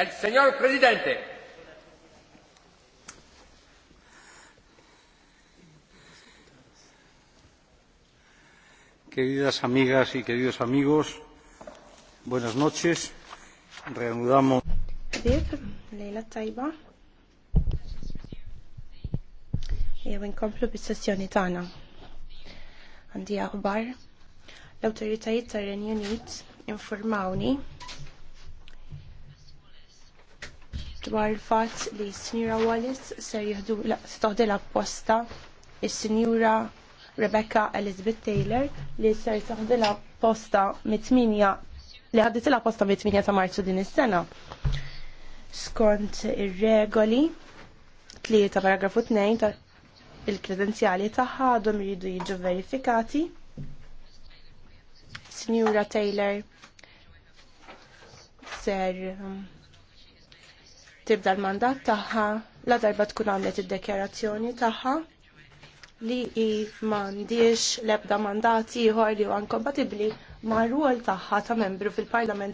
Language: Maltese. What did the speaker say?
El eh, signor Presidente. Queridas amigas y queridos amigos, buenas noches. Reanudamos. Lejla tajba. Jew inkomplu bis-sessjoni tagħna. Għandi aħbar. L-awtoritajiet tar-Renju Unit informawni dwar fatt li s-Sinjura Wallis ser jihdu toħdi l posta s sinjura Rebecca Elizabeth Taylor li ser toħdi l mit li ħaddit l posta mit-8 ta' marzu din is-sena. Skont ir-regoli 3 paragrafu 2 ta' il-kredenzjali tagħha għadhom jridu jiġu verifikati. Sinjura Taylor ser um, tibda l-mandat tagħha la darba tkun għamlet id-dekjarazzjoni tagħha li i mandiex lebda mandati ieħor li għan kompatibli mar-rwol tagħha ta' membru fil-Parlament